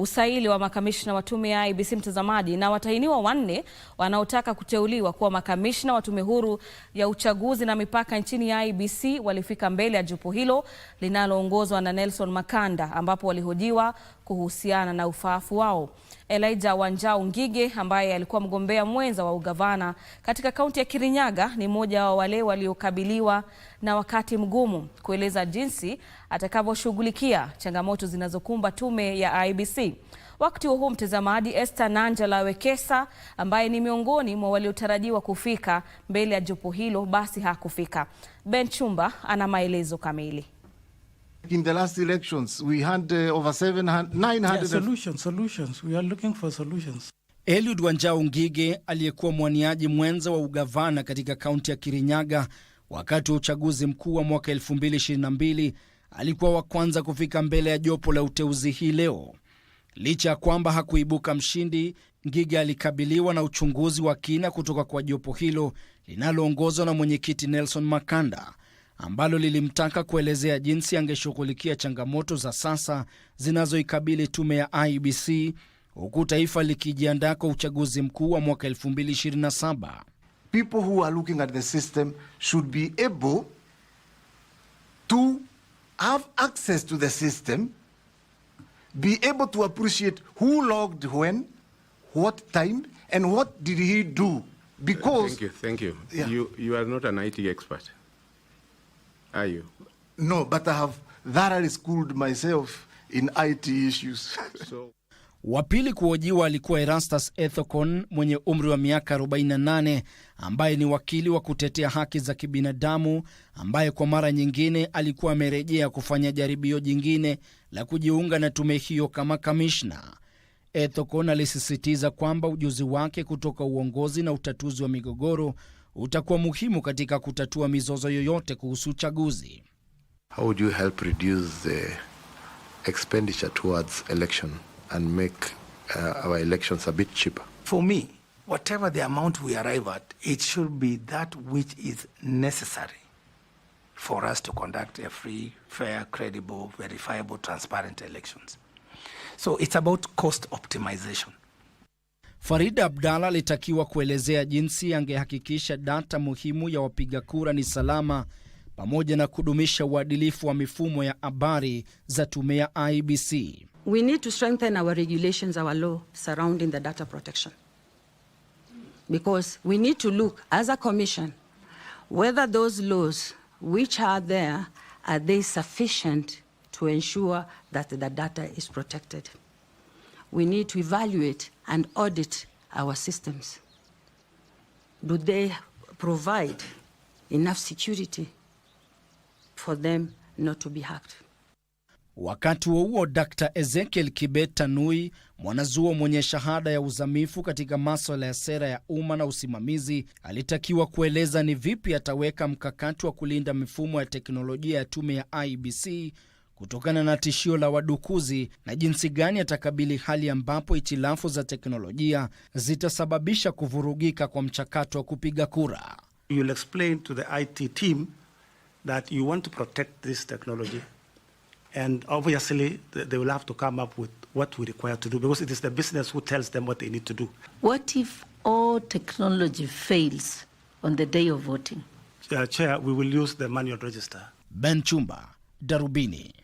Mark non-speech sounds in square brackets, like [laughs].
usaili wa makamishna wa tume ya IEBC mtazamaji, na watahiniwa wanne wanaotaka kuteuliwa kuwa makamishna wa tume huru ya uchaguzi na mipaka nchini ya IEBC walifika mbele ya jopo hilo linaloongozwa na Nelson Makanda ambapo walihojiwa kuhusiana na ufaafu wao. Elijah Wanjau Ngige ambaye alikuwa mgombea mwenza wa ugavana katika kaunti ya Kirinyaga ni mmoja wa wale waliokabiliwa na wakati mgumu kueleza jinsi atakavyoshughulikia changamoto zinazokumba tume ya IEBC. Wakati huo mtazamaji, Esther Nanjala Wekesa ambaye ni miongoni mwa waliotarajiwa kufika mbele ya jopo hilo basi hakufika. Ben Chumba ana maelezo kamili. In the last elections, we had uh, over 700, 900... Yeah, solutions, solutions. We are looking for solutions. Eliud Wanjao Ngige aliyekuwa mwaniaji mwenza wa ugavana katika kaunti ya Kirinyaga wakati wa uchaguzi mkuu wa mwaka 2022 alikuwa wa kwanza kufika mbele ya jopo la uteuzi hii leo. Licha ya kwamba hakuibuka mshindi, Ngige alikabiliwa na uchunguzi wa kina kutoka kwa jopo hilo linaloongozwa na mwenyekiti Nelson Makanda ambalo lilimtaka kuelezea jinsi angeshughulikia changamoto za sasa zinazoikabili tume ya IEBC huku taifa likijiandaa kwa uchaguzi mkuu wa mwaka 2027. because... Thank you, thank you. Yeah. You, you are not an IT expert. Are you? No, but I have thoroughly schooled myself in IT issues. [laughs] So... Wa pili kuhojiwa alikuwa Erastus Ethocon mwenye umri wa miaka 48 ambaye ni wakili wa kutetea haki za kibinadamu ambaye kwa mara nyingine alikuwa amerejea kufanya jaribio jingine la kujiunga na tume hiyo kama kamishna. Ethocon alisisitiza kwamba ujuzi wake kutoka uongozi na utatuzi wa migogoro utakuwa muhimu katika kutatua mizozo yoyote kuhusu uchaguzi. How would you help reduce the expenditure towards election and make uh, our elections a bit cheaper? For me, whatever the amount we arrive at, it should be that which is necessary for us to conduct a free, fair, credible, verifiable, transparent elections. So it's about cost optimization. Farida Abdalla alitakiwa kuelezea jinsi angehakikisha data muhimu ya wapiga kura ni salama pamoja na kudumisha uadilifu wa mifumo ya habari za tume ya IEBC. We need to strengthen our regulations, our law surrounding the data protection. Because we need to look as a commission whether those laws which are there are they sufficient to ensure that the data is protected. We need to evaluate and audit our systems. Do they provide enough security for them not to be hacked? Wakati huo huo, Dr. Ezekiel Kibet Tanui, mwanazuo mwenye shahada ya uzamifu katika maswala ya sera ya umma na usimamizi, alitakiwa kueleza ni vipi ataweka mkakati wa kulinda mifumo ya teknolojia ya tume ya IEBC kutokana na tishio la wadukuzi na jinsi gani atakabili hali ambapo itilafu za teknolojia zitasababisha kuvurugika kwa mchakato wa kupiga kura. You'll explain to the IT team that you want to protect this technology and obviously they will have to come up with what we require to do because it is the business who tells them what they need to do. What if all technology fails on the day of voting? Uh, Chair, we will use the manual register. Ben Chumba, Darubini.